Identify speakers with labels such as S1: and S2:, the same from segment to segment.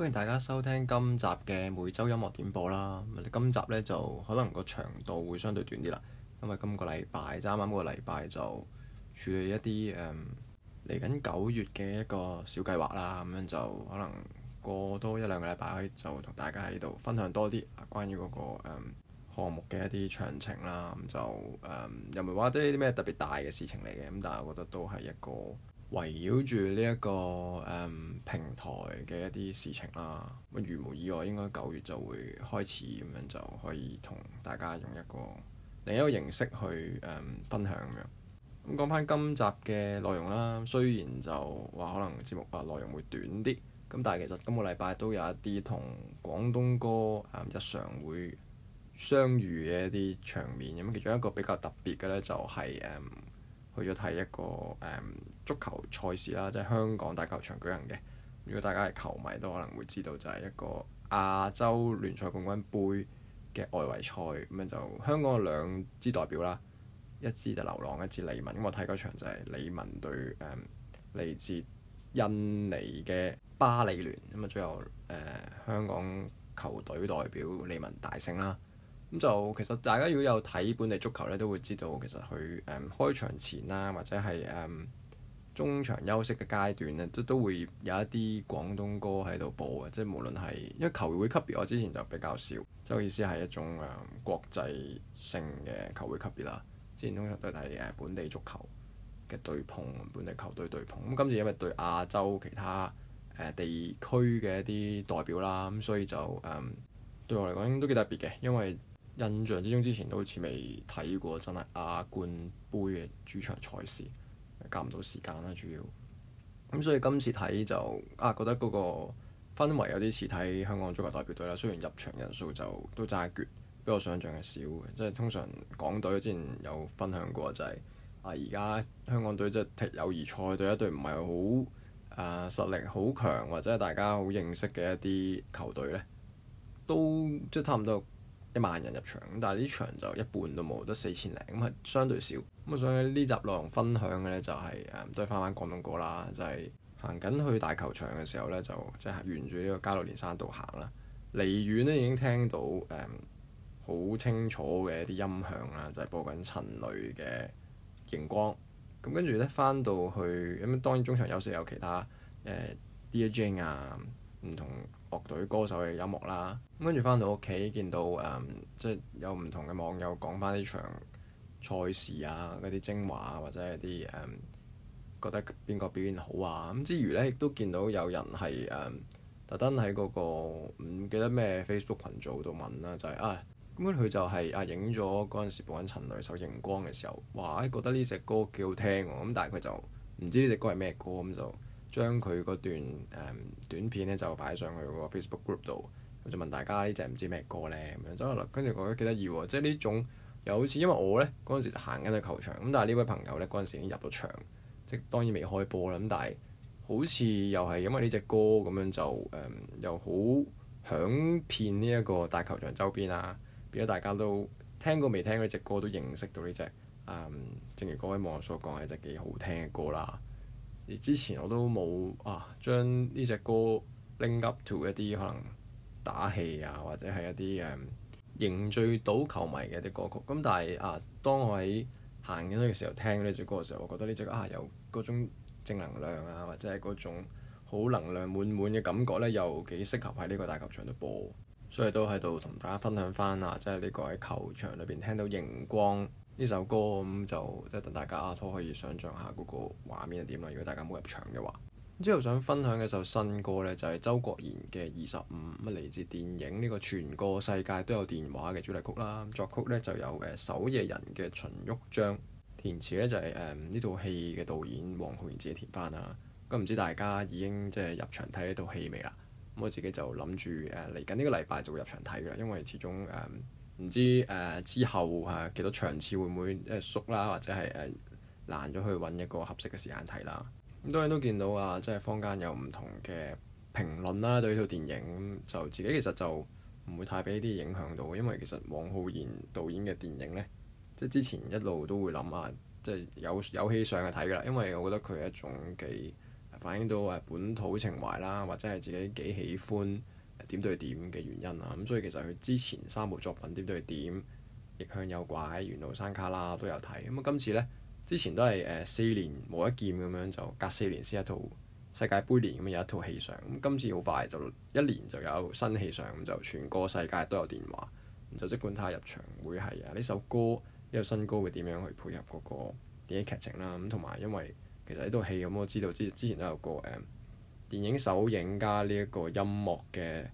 S1: 歡迎大家收聽今集嘅每周音樂點播啦。咁今集呢，就可能個長度會相對短啲啦，因為今個禮拜，揸啱個禮拜就處理一啲誒嚟緊九月嘅一個小計劃啦。咁樣就可能過多一兩個禮拜，就同大家喺度分享多啲關於嗰個誒項目嘅一啲詳情啦。咁就、嗯、又唔係話啲咩特別大嘅事情嚟嘅，咁但係我覺得都係一個。圍繞住呢一個誒、嗯、平台嘅一啲事情啦，咁如無意外應該九月就會開始，咁樣就可以同大家用一個另一個形式去誒、嗯、分享咁樣。嗯、講翻今集嘅內容啦，雖然就話可能節目啊內容會短啲，咁但係其實今個禮拜都有一啲同廣東歌誒、嗯、日常會相遇嘅一啲場面咁，其中一個比較特別嘅呢、就是，就係誒。去咗睇一個、嗯、足球賽事啦，即係香港大球場舉行嘅。如果大家係球迷都可能會知道，就係、是、一個亞洲聯賽冠軍杯嘅外圍賽咁樣，就香港有兩支代表啦，一支就流浪，一支理文。咁我睇嗰場就係理文對誒嚟、嗯、自印尼嘅巴里聯，咁啊最後誒香港球隊代表理文大勝啦。咁就其實大家如果有睇本地足球咧，都會知道其實佢誒、嗯、開場前啦，或者係誒、嗯、中場休息嘅階段咧，都都會有一啲廣東歌喺度播嘅。即係無論係因為球會級別，我之前就比較少，即係意思係一種誒、嗯、國際性嘅球會級別啦。之前通常都係誒本地足球嘅對碰，本地球隊對碰。咁今次因為對亞洲其他誒、呃、地區嘅一啲代表啦，咁所以就誒、嗯、對我嚟講都幾特別嘅，因為印象之中，之前都好似未睇過真係亞冠杯嘅主場賽事，夾唔到時間啦、啊、主要。咁所以今次睇就啊覺得嗰個氛圍有啲似睇香港足球代表隊啦。雖然入場人數就都爭一橛，比我想象嘅少嘅。即係通常港隊之前有分享過就係啊而家香港隊即係踢友誼賽對一隊唔係好誒實力好強或者大家好認識嘅一啲球隊咧，都即係差唔多。一萬人入場，但係啲場就一半都冇，得四千零，咁係相對少。咁啊，所以呢集內容分享嘅呢，就係、是、誒，都係翻翻廣東歌啦，就係行緊去大球場嘅時候呢，就即係、就是、沿住呢個嘉樂蓮山道行啦。離遠呢已經聽到誒好、嗯、清楚嘅一啲音響啦，就係、是、播緊陳蕾嘅《螢光》。咁跟住呢翻到去咁，當然中場休息有其他誒、嗯、DJ 啊，唔同。樂隊歌手嘅音樂啦，咁跟住翻到屋企見到誒、嗯，即係有唔同嘅網友講翻呢場賽事啊，嗰啲精華啊，或者一啲誒、嗯、覺得邊個表現好啊，咁之餘咧亦都見到有人係誒、嗯、特登喺嗰個唔記得咩 Facebook 群組度問啦、啊，就係、是、啊咁佢就係、是、啊影咗嗰陣時播緊陳蕾首《螢光》嘅時候，哇誒覺得呢隻歌幾好聽喎，咁但係佢就唔知呢隻歌係咩歌咁就。將佢嗰段誒、嗯、短片咧就擺上去個 Facebook group 度，我就問大家呢隻唔知咩歌咧咁樣，就、啊、啦，跟住我覺得幾得意喎，即係呢種又好似因為我咧嗰陣就行緊喺球場，咁但係呢位朋友咧嗰陣時已經入咗場，即係當然未開波啦，咁但係好似又係因為呢隻歌咁樣就誒、嗯、又好響遍呢一個大球場周邊啊，變咗大家都聽過未聽過呢隻歌都認識到呢隻誒，正如各位網友所講係隻幾好聽嘅歌啦。之前我都冇啊，將呢隻歌 link up to 一啲可能打氣啊，或者係一啲誒、嗯、凝聚到球迷嘅啲歌曲。咁、嗯、但係啊，當我喺行緊嗰個時候聽呢隻歌嘅時候，我覺得呢隻歌啊有嗰種正能量啊，或者係嗰種好能量滿滿嘅感覺呢，又幾適合喺呢個大球場度播。所以都喺度同大家分享返啊，即係呢個喺球場裏邊聽到螢光。呢首歌咁就即等大家阿聰可以想象下嗰個畫面係點啦。如果大家冇入場嘅話，之後想分享嘅首新歌呢，就係、是、周國賢嘅《二十五》，咁嚟自電影《呢、這個全個世界都有電話》嘅主題曲啦。作曲呢，就有誒守夜人嘅秦旭章，填詞呢，就係誒呢套戲嘅導演黃浩然自己填翻啊。咁、嗯、唔知大家已經即係入場睇呢套戲未啦？咁、嗯、我自己就諗住誒嚟緊呢個禮拜就會入場睇嘅啦，因為始終誒。嗯唔知誒、呃、之後誒、啊、幾多場次會唔會、呃、縮啦，或者係誒難咗去揾一個合適嘅時間睇啦。咁當然都見到啊，即係坊間有唔同嘅評論啦，對呢套電影。就自己其實就唔會太俾啲影響到，因為其實黃浩然導演嘅電影呢，即係之前一路都會諗啊，即係有有戲上去睇㗎啦。因為我覺得佢係一種幾反映到本土情懷啦，或者係自己幾喜歡。點對點嘅原因啊，咁所以其實佢之前三部作品點對點、逆向誘拐、緣路山旮旯都有睇，咁啊今次呢，之前都係誒、呃、四年磨一劍咁樣，就隔四年先一套世界杯年咁有一套戲上，咁、啊、今次好快就一年就有新戲上，咁、啊、就全個世界都有電話，咁、啊、就即管睇下入場會係啊呢首歌呢個新歌會點樣去配合嗰、那個電影劇情啦，咁同埋因為其實呢套戲咁、嗯、我知道之之前都有個誒。Uh, 電影首映加呢一個音樂嘅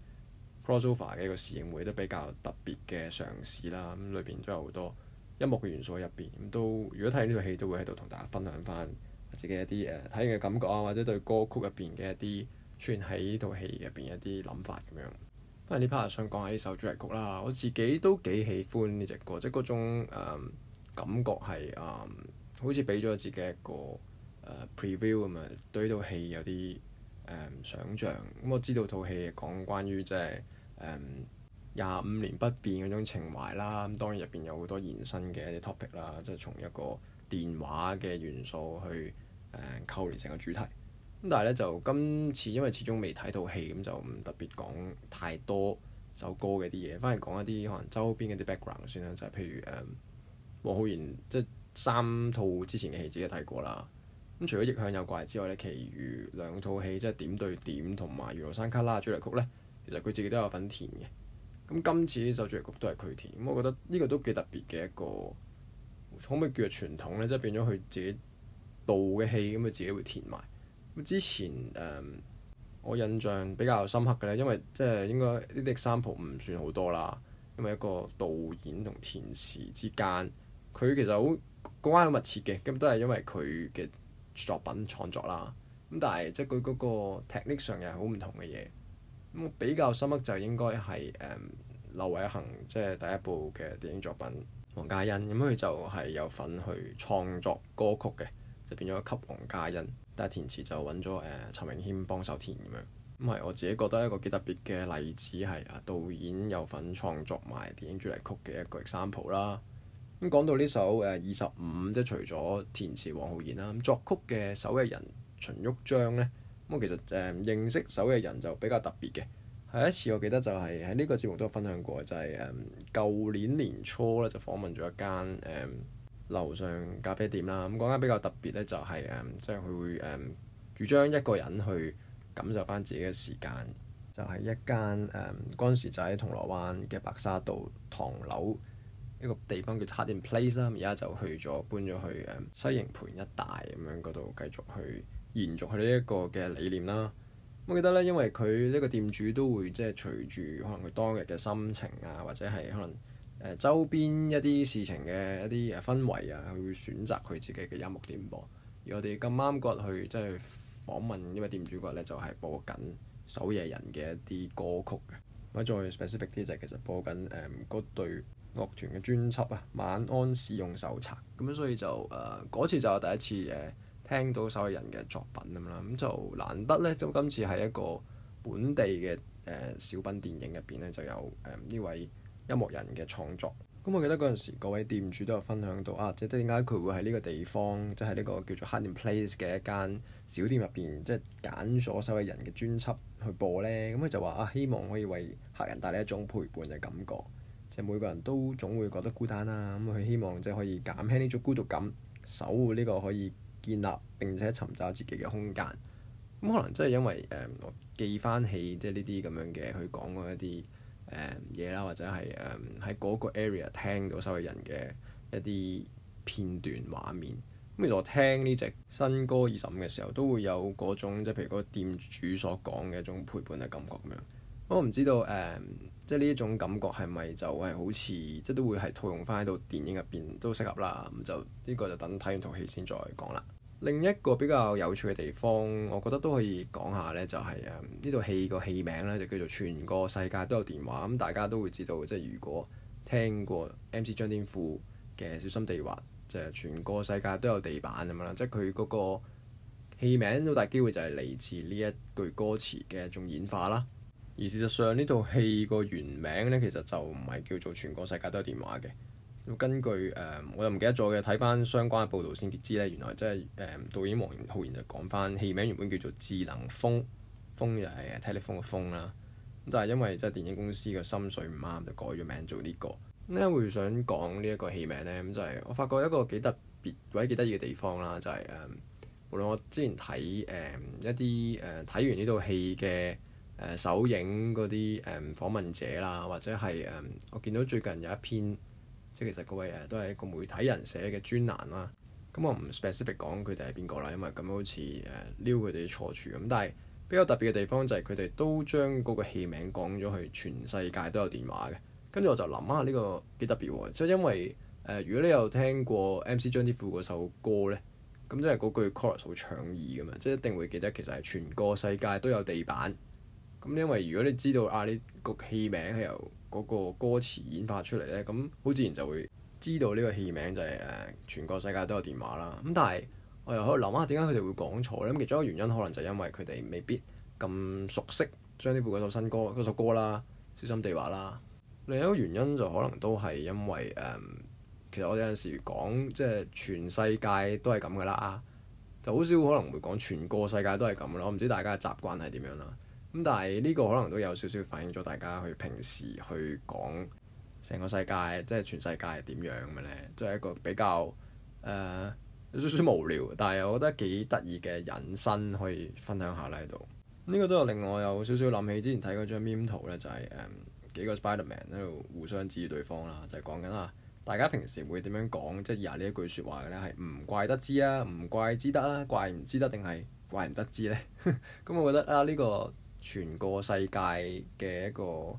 S1: crossover 嘅一個試映會，都比較特別嘅嘗試啦。咁裏邊都有好多音樂嘅元素入邊咁，都如果睇呢套戲，都會喺度同大家分享返自己一啲誒睇完嘅感覺啊，或者對歌曲入邊嘅一啲出現喺呢套戲入邊一啲諗法咁樣。不過呢 part 想講下呢首主題曲啦，我自己都幾喜歡呢隻歌，即係嗰種、呃、感覺係誒、呃，好似俾咗自己一個誒、呃、preview 咁啊，對呢套戲有啲～誒、嗯、想像咁、嗯，我知道套戲講關於即係誒廿五年不變嗰種情懷啦。咁、嗯、當然入邊有好多延伸嘅一啲 topic 啦，即係從一個電話嘅元素去誒扣連成個主題。咁、嗯、但係咧就今次因為始終未睇套戲，咁就唔特別講太多首歌嘅啲嘢，反而講一啲可能周邊嗰啲 background 先啦。就係、是、譬如誒黃浩然即係三套之前嘅戲自己睇過啦。咁、嗯、除咗逆向誘拐之外咧，其餘兩套戲即係點對點同埋《緣路山旮旯》主題曲咧，其實佢自己都有份填嘅。咁今次呢首主題曲都係佢填，咁我覺得呢個都幾特別嘅一個可唔可以叫做傳統咧？即係變咗佢自己導嘅戲咁，佢、嗯、自己會填埋。咁之前誒、嗯、我印象比較深刻嘅咧，因為即係應該呢啲 example 唔算好多啦，因為一個導演同填詞之間佢其實好關好密切嘅，咁都係因為佢嘅。作品創作啦，咁但係即係佢嗰個 technical 又係好唔同嘅嘢。咁比較深刻就應該係誒、嗯、劉偉恒，即、就、係、是、第一部嘅電影作品《黃家欣》，嗯，咁佢就係有份去創作歌曲嘅，就變咗吸黃家欣，但係填詞就揾咗誒陳永軒幫手填咁樣。
S2: 咁、嗯、係我
S1: 自己覺得一個幾特別嘅例子係啊，導演有份創作埋電影主題曲嘅一個《example 啦。咁講到呢首誒二十五，即係除咗填詞黃浩然啦，作曲嘅守夜人秦旭章呢，咁其實誒認識守夜人就比較特別嘅，係一次我記得就係喺呢個節目都有分享過，就係誒舊年年初咧就訪問咗一間誒、嗯、樓上咖啡店啦。咁嗰間比較特別呢、就係嗯，就係、是、誒，即係佢會誒主張一個人去感受翻自己嘅時間，就係、是、一間誒嗰陣時就喺銅鑼灣嘅白沙道唐樓。一個地方叫 Hard In Place 啦，而家就去咗，搬咗去誒西營盤一帶咁樣，嗰度繼續去延續佢呢一個嘅理念啦。我記得咧，因為佢呢個店主都會即係隨住可能佢當日嘅心情啊，或者係可能誒周邊一啲事情嘅一啲誒氛圍啊，去選擇佢自己嘅音樂點播。而我哋咁啱過去即係、就是、訪問呢位店主嗰日咧，就係、是、播緊守夜人嘅一啲歌曲嘅。咁再 specific 啲就係其實播緊誒嗰對樂團嘅專輯啊，《晚安使用手冊》，咁所以就誒嗰、呃、次就係第一次誒、呃、聽到守夜人嘅作品咁啦，咁就難得呢，咁今次係一個本地嘅誒、呃、小品電影入邊呢，就有誒呢、呃、位音樂人嘅創作。咁我記得嗰陣時，各位店主都有分享到啊，即係點解佢會喺呢個地方，即係呢個叫做 Hiding Place 嘅一間小店入邊，即係揀咗守夜人嘅專輯去播呢。咁佢就話啊，希望可以為客人帶嚟一種陪伴嘅感覺。每個人都總會覺得孤單啦，咁佢希望即係可以減輕呢種孤獨感，守護呢個可以建立並且尋找自己嘅空間。咁、嗯、可能真係因為誒、嗯，我記翻起即係呢啲咁樣嘅佢講過一啲誒嘢啦，或者係誒喺嗰個 area 聽到收音人嘅一啲片段畫面。咁、嗯、其實我聽呢隻新歌二十五嘅時候，都會有嗰種即係譬如嗰個店主所講嘅一種陪伴嘅感覺咁樣。我唔知道誒、嗯，即係呢一種感覺係咪就係好似即係都會係套用翻喺度電影入邊都適合啦。咁就呢、呢個就等睇完套戲先再講啦。另一個比較有趣嘅地方，我覺得都可以講下咧，就係誒呢套戲個戲名咧就叫做《全個世界都有電話》嗯。咁大家都會知道，即係如果聽過 MC 張天賦嘅《小心地滑》，就係、係、全個世界都有地板咁樣啦。即係佢嗰個戲名好大機會就係嚟自呢一句歌詞嘅一種演化啦。而事實上呢套戲個原名呢，其實就唔係叫做《全個世界都有電話》嘅。根據誒、呃，我又唔記得咗嘅，睇翻相關嘅報導先至知呢。原來真係誒導演王浩然就講翻戲名原本叫做《智能風》，風就係 telephone 嘅風啦。咁但係因為即係電影公司嘅心水唔啱，就改咗名做呢、這個。點解會想講呢一個戲名呢，咁就係、是、我發覺一個幾特別或者幾得意嘅地方啦，就係、是、誒、呃，無論我之前睇誒、呃、一啲誒睇完呢套戲嘅。誒首映嗰啲誒訪問者啦，或者係誒、嗯、我見到最近有一篇，即係其實嗰位誒、啊、都係一個媒體人寫嘅專欄啦。咁、嗯、我唔 specific 講佢哋係邊個啦，因為咁好似誒撩佢哋嘅錯處咁。但係比較特別嘅地方就係佢哋都將嗰個戲名講咗去全世界都有電話嘅。跟住我就諗下呢個幾特別，即係因為誒、呃、如果你有聽過 M.C. 張天賦嗰首歌咧，咁都係嗰句 chorus 好搶耳㗎嘛，即係一定會記得其實係全個世界都有地板。咁，因為如果你知道啊，你、這個戲名係由嗰個歌詞演化出嚟咧，咁好自然就會知道呢個戲名就係、是、誒、呃、全個世界都有電話啦。咁但係我又可以諗下點解佢哋會講錯咧？咁其中一個原因可能就因為佢哋未必咁熟悉將呢副嗰首新歌嗰首歌啦，小心地滑啦。另一個原因就可能都係因為誒、呃，其實我有陣時講即係全世界都係咁噶啦，就好少可能會講全個世界都係咁咯。我唔知大家嘅習慣係點樣啦。咁但係呢個可能都有少少反映咗大家去平時去講成個世界，即、就、係、是、全世界係點樣嘅咧，即、就、係、是、一個比較誒、呃、有少少無聊，但係我覺得幾得意嘅引申可以分享下啦喺度。呢、嗯、個都有令我有少少諗起之前睇嗰張 meme 圖咧，就係、是、誒、嗯、幾個 Spiderman 喺度互相指住對方啦，就係講緊啊大家平時會點樣講即係廿呢一句説話嘅咧？係唔怪得知啊，唔怪知得啊，怪唔知得定係怪唔得知咧、啊？咁、啊 嗯、我覺得啊呢、這個。全個世界嘅一個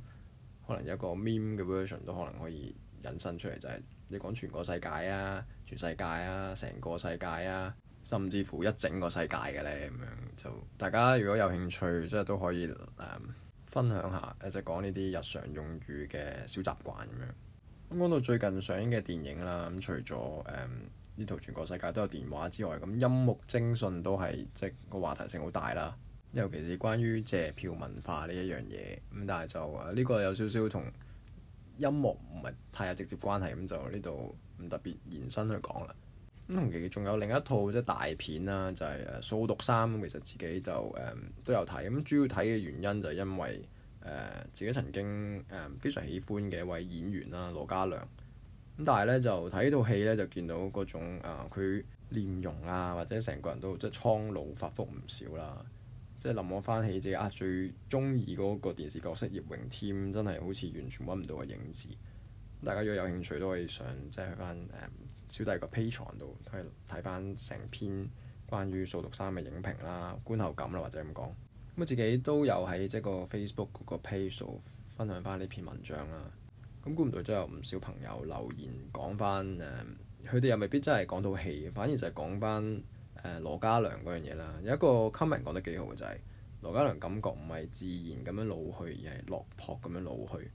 S1: 可能一個 meme 嘅 version 都可能可以引申出嚟，就係、是、你講全個世界啊、全世界啊、成個世界啊，甚至乎一整個世界嘅咧咁樣，就大家如果有興趣，即係都可以誒、嗯、分享下，即就講呢啲日常用語嘅小習慣咁樣。咁講到最近上映嘅電影啦，咁、嗯、除咗誒呢套《嗯、全個世界都有電話》之外，咁、嗯《陰目偵信》都係即係個話題性好大啦。尤其是關於借票文化呢一樣嘢，咁但係就誒呢、這個有少少同音樂唔係太有直接關係，咁就呢度唔特別延伸去講啦。咁同期仲有另一套即係、就是、大片啦，就係、是、誒《掃毒三》，其實自己就誒、呃、都有睇，咁主要睇嘅原因就係因為誒、呃、自己曾經誒、呃、非常喜歡嘅一位演員啦，羅嘉良。咁但係呢，就睇呢套戲呢，就見到嗰種佢臉、呃、容啊，或者成個人都即係蒼老發福唔少啦。即係諗我翻起自己啊最中意嗰個電視角色葉榮添，真係好似完全揾唔到個影子。大家如果有興趣，都可以上即係去翻、嗯、小弟個 Patreon 度睇睇翻成篇關於《掃毒三》嘅影評啦、觀後感啦，或者咁講。咁、嗯、自己都有喺即係個 Facebook 嗰個 page 度分享翻呢篇文章啦。咁估唔到真係有唔少朋友留言講翻誒，佢、嗯、哋又未必真係講到戲，反而就係講翻。誒羅嘉良嗰樣嘢啦，有一個 comment 講得幾好嘅就係、是、羅嘉良感覺唔係自然咁樣老去，而係落魄咁樣老去。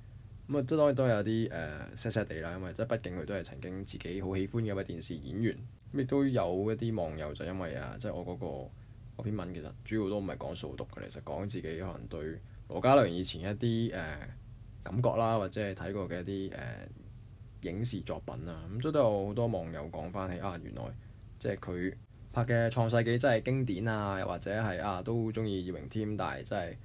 S1: 咁啊，即係當然都有啲誒 sad sad 地啦，因為即係畢竟佢都係曾經自己好喜歡嘅一位電視演員。咁亦都有一啲網友就因為啊，即、就、係、是、我嗰、那個篇文其實主要都唔係講掃毒嘅，其實講自己可能對羅嘉良以前一啲誒、呃、感覺啦，或者係睇過嘅一啲誒、呃、影視作品啊。咁、嗯、即都有好多網友講翻起啊，原來即係佢。拍嘅《創世紀》真係經典啊！又或者係啊，都中意葉榮添，但係真係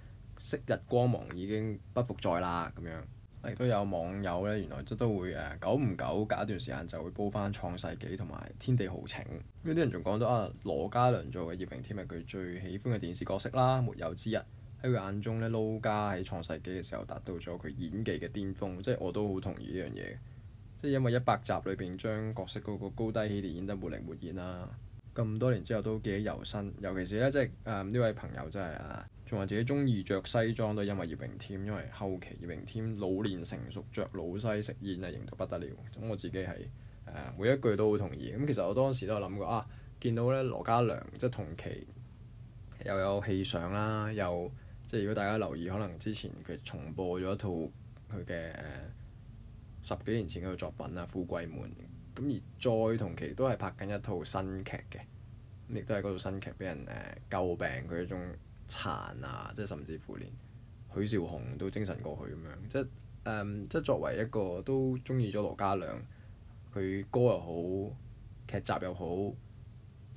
S1: 昔日光芒已經不復再啦。咁樣亦都有網友呢，原來即都會誒久唔久隔一段時間就會煲翻《創世紀》同埋《天地豪情》，嗯。有啲人仲講到啊，羅嘉良做嘅葉榮添係佢最喜歡嘅電視角色啦，沒有之一。喺佢眼中呢，撈家喺《創世紀》嘅時候達到咗佢演技嘅巔峰，即係我都好同意呢樣嘢。即係因為一百集裏邊將角色嗰個高低起跌演得活靈活現啦。咁多年之後都記憶猶新，尤其是呢，即係誒呢位朋友真係啊，仲話自己中意着西裝都因為葉榮添，因為後期葉榮添老練成熟，着老西食煙啊，型到不得了。咁我自己係、呃、每一句都好同意。咁、嗯、其實我當時都有諗過啊，見到咧羅嘉良即係同期又有戲上啦，又即係如果大家留意，可能之前佢重播咗一套佢嘅、呃、十幾年前嘅作品啊，《富貴門》。咁而再同期都係拍緊一套新劇嘅，亦都係嗰套新劇俾人誒、呃、詬病佢一種殘啊，即係甚至乎連許紹雄都精神過去咁樣，即係、嗯、即係作為一個都中意咗羅嘉良，佢歌又好，劇集又好，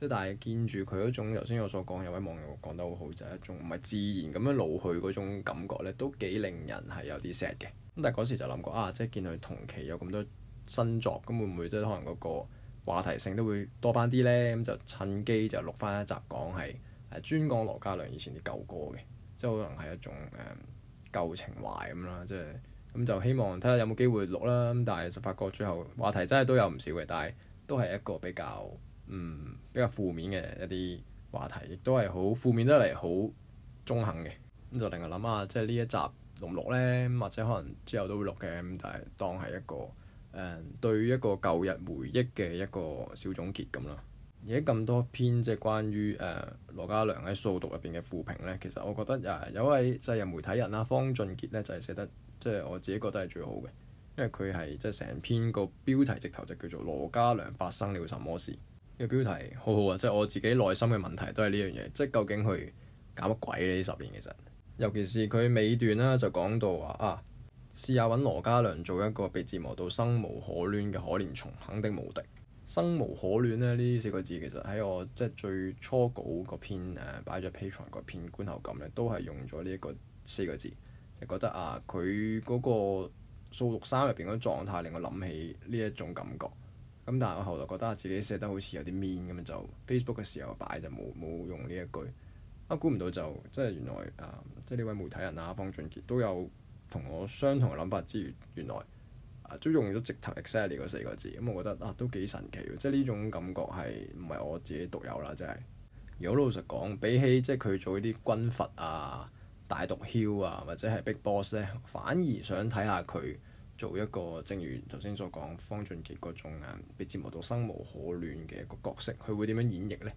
S1: 即係但係見住佢嗰種頭先我所講有位網友講得好好，就係、是、一種唔係自然咁樣老去嗰種感覺咧，都幾令人係有啲 sad 嘅。咁但係嗰時就諗過啊，即係見佢同期有咁多。新作咁會唔會即係可能嗰個話題性都會多翻啲呢？咁就趁機就錄翻一集講係誒專講羅嘉良以前啲舊歌嘅，即、就、係、是、可能係一種誒舊、嗯、情懷咁啦，即係咁就希望睇下有冇機會錄啦。咁但係就發覺最後話題真係都有唔少嘅，但係都係一個比較嗯比較負面嘅一啲話題，亦都係好負面得嚟好中肯嘅。咁就另外諗下，即係呢一集錄唔錄呢？或者可能之後都會錄嘅，咁但係當係一個。誒、嗯、對一個舊日回憶嘅一個小總結咁啦。而家咁多篇即係關於誒、呃、羅嘉良喺數讀入邊嘅負評呢，其實我覺得啊有位即人、就是、媒體人啦、啊、方俊傑呢，就係、是、寫得即係、就是、我自己覺得係最好嘅，因為佢係即係成篇個標題直頭就叫做羅嘉良發生了什麼事。呢、這個標題好好啊，即係我自己內心嘅問題都係呢樣嘢，即係究竟佢搞乜鬼呢十年其實。尤其是佢尾段啦就講到話啊。試下揾羅嘉良做一個被折磨到生無可戀嘅可憐蟲，肯定無敵。生無可戀咧呢四個字其實喺我即係、就是、最初稿個篇誒擺、啊、咗 Patreon 個篇觀後感呢，都係用咗呢一個四個字，就覺得啊佢嗰個數六三入邊嗰狀態令我諗起呢一種感覺。咁但係我後來覺得自己寫得好似有啲 mean 咁，就 Facebook 嘅時候擺就冇冇用呢一句啊。估唔到就即係原來啊，即係呢位媒體人啊，方俊傑都有。同我相同嘅諗法之餘，原來啊都用咗直頭 exactly 嗰四個字，咁、嗯、我覺得啊都幾神奇，即係呢種感覺係唔係我自己獨有啦？真係如果老實講，比起即係佢做啲軍閥啊、大毒梟啊，或者係 Big Boss 咧，反而想睇下佢做一個，正如頭先所講，方俊傑嗰種啊被折磨到生無可戀嘅一個角色，佢會點樣演繹呢？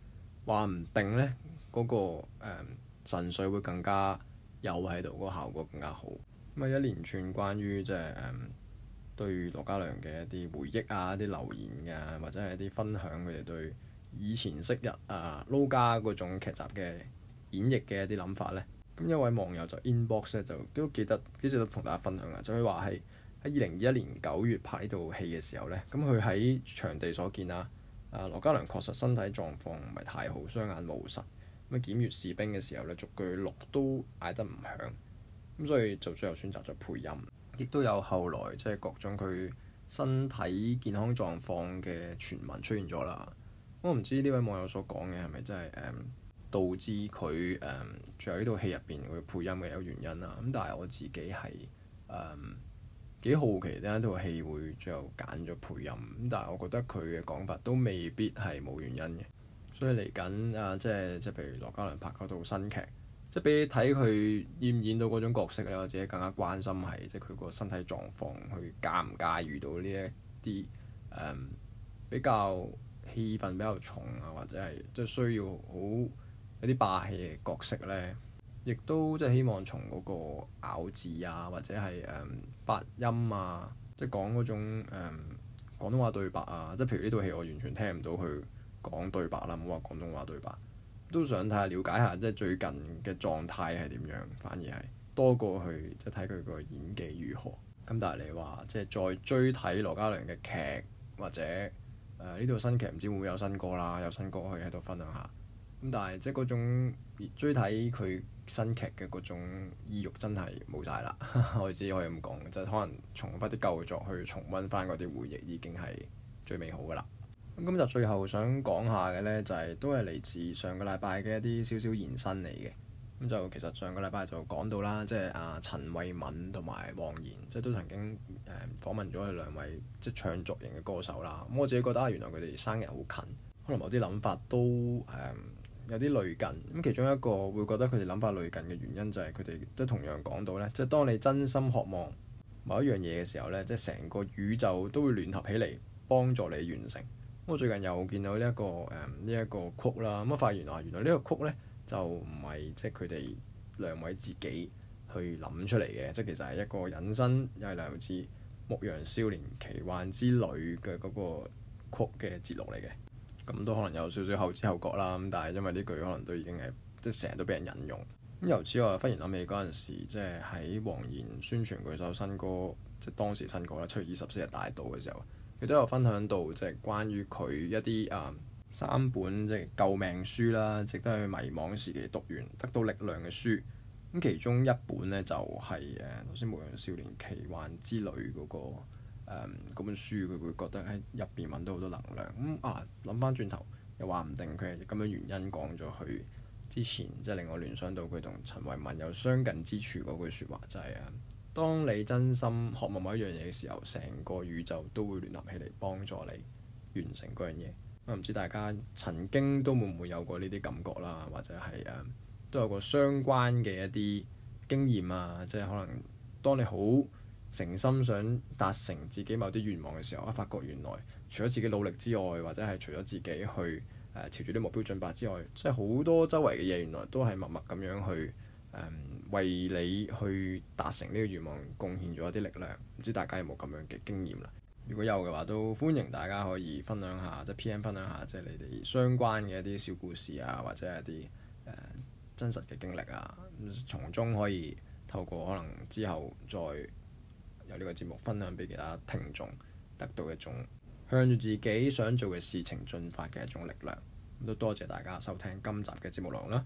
S1: 話唔定呢，嗰、那個、嗯、神髓會更加有喺度，嗰個效果更加好。咁啊一連串關於即係誒對羅嘉良嘅一啲回憶啊、一啲留言啊，或者係一啲分享佢哋對以前昔日啊《撈家》嗰種劇集嘅演繹嘅一啲諗法咧。咁有位網友就 inbox 咧就都記得，幾時都同大家分享啊。就佢話係喺二零二一年九月拍呢套戲嘅時候咧，咁佢喺場地所見啊，啊羅嘉良確實身體狀況唔係太好，雙眼冇神。咁啊檢閲士兵嘅時候咧，逐句錄都嗌得唔響。咁所以就最後選擇咗配音，亦都有後來即係、就是、各種佢身體健康狀況嘅傳聞出現咗啦。我唔知呢位網友所講嘅係咪真係誒導致佢誒、嗯、最後呢套戲入邊會配音嘅有原因啦。咁但係我自己係誒幾好奇呢一套戲會最後揀咗配音。咁但係我覺得佢嘅講法都未必係冇原因嘅。所以嚟緊啊，即係即係譬如羅嘉良拍嗰套新劇。即係俾你睇佢演唔演到嗰種角色咧，我自己更加關心係，即係佢個身體狀況，佢介唔介意到呢一啲誒比較氣氛比較重啊，或者係即係需要好一啲霸氣嘅角色咧，亦都即係希望從嗰個咬字啊，或者係誒、嗯、發音啊，即係講嗰種誒、嗯、廣東話對白啊，即係譬如呢套戲我完全聽唔到佢講對白啦，唔好話廣東話對白。都想睇下了解下，即係最近嘅狀態係點樣，反而係多過去即係睇佢個演技如何。咁但係你話，即係再追睇羅嘉良嘅劇，或者誒呢度新劇唔知會唔會有新歌啦，有新歌可以喺度分享下。咁但係即係嗰種追睇佢新劇嘅嗰種意欲真係冇晒啦。 我只可以咁講，即係可能重複啲舊作去重溫翻嗰啲回憶已經係最美好噶啦。咁咁就最後想講下嘅呢，就係、是、都係嚟自上個禮拜嘅一啲少少延伸嚟嘅。咁就其實上個禮拜就講到啦，即係阿陳慧敏同埋黃妍，即、就、係、是、都曾經誒、嗯、訪問咗佢兩位即係、就是、唱作型嘅歌手啦。咁我自己覺得啊，原來佢哋生日好近，可能某啲諗法都、嗯、有啲類近。咁其中一個會覺得佢哋諗法類近嘅原因就係佢哋都同樣講到呢，即、就、係、是、當你真心渴望某一樣嘢嘅時候呢，即係成個宇宙都會聯合起嚟幫助你完成。我最近又見到呢、這、一個誒呢一個曲啦、啊，咁啊發現啊原來個 quote，呢個曲咧就唔係即係佢哋兩位自己去諗出嚟嘅，即係其實係一個引申，又係兩位《牧羊少年奇幻之旅》嘅、那、嗰個曲嘅節錄嚟嘅。咁都可能有少少後知後覺啦，咁但係因為呢句可能都已經係即係成日都俾人引用。咁由此我忽然諗起嗰陣時，即係喺黃妍宣傳佢首新歌，即係當時新歌啦，七月二十四日大導嘅時候。佢都有分享到即係關於佢一啲啊三本即係、就是、救命書啦，值得喺迷惘時期讀完得到力量嘅書。咁其中一本咧就係誒頭先《牧羊少年奇幻之旅》嗰、那個、嗯、本書，佢會覺得喺入邊揾到好多能量。咁啊諗翻轉頭又話唔定佢係咁樣原因講咗佢之前，即、就、係、是、令我聯想到佢同陳慧文有相近之處嗰句説話就係、是、啊～當你真心學某某一樣嘢嘅時候，成個宇宙都會聯合起嚟幫助你完成嗰樣嘢。我唔知大家曾經都會唔會有過呢啲感覺啦，或者係誒都有過相關嘅一啲經驗啊，即係可能當你好誠心想達成自己某啲願望嘅時候，啊發覺原來除咗自己努力之外，或者係除咗自己去誒朝住啲目標進發之外，即係好多周圍嘅嘢原來都係默默咁樣去。誒為你去達成呢個願望，貢獻咗一啲力量。唔知大家有冇咁樣嘅經驗啦？如果有嘅話，都歡迎大家可以分享下，即係 PM 分享下，即係你哋相關嘅一啲小故事啊，或者一啲、呃、真實嘅經歷啊。咁從中可以透過可能之後再由呢個節目分享俾其他聽眾，得到一種向住自己想做嘅事情進發嘅一種力量。都多謝大家收聽今集嘅節目內容啦！